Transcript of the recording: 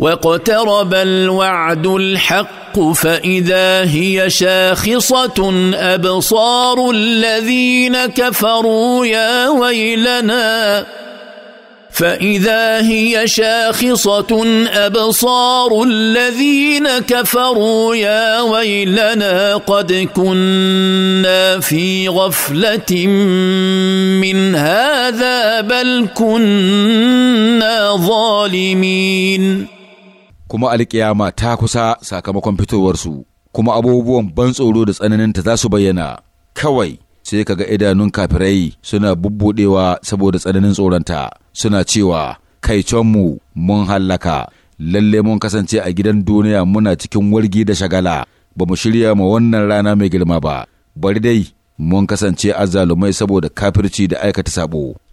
واقترب الوعد الحق فاذا هي شاخصه ابصار الذين كفروا يا ويلنا فاذا هي شاخصه ابصار الذين كفروا يا ويلنا قد كنا في غفله من هذا بل كنا ظالمين kuma alƙiyama ta kusa sakamakon fitowarsu kuma abubuwan ban tsoro da tsananinta za su bayyana kawai sai ka ga idanun kafirai suna bubbudewa saboda tsananin tsoronta suna cewa kai mu mun hallaka lalle mun kasance a gidan duniya muna cikin wargi da shagala ba mu shirya ma wannan rana mai girma ba bari dai mun kasance azzalumai saboda kafirci da aikata sabo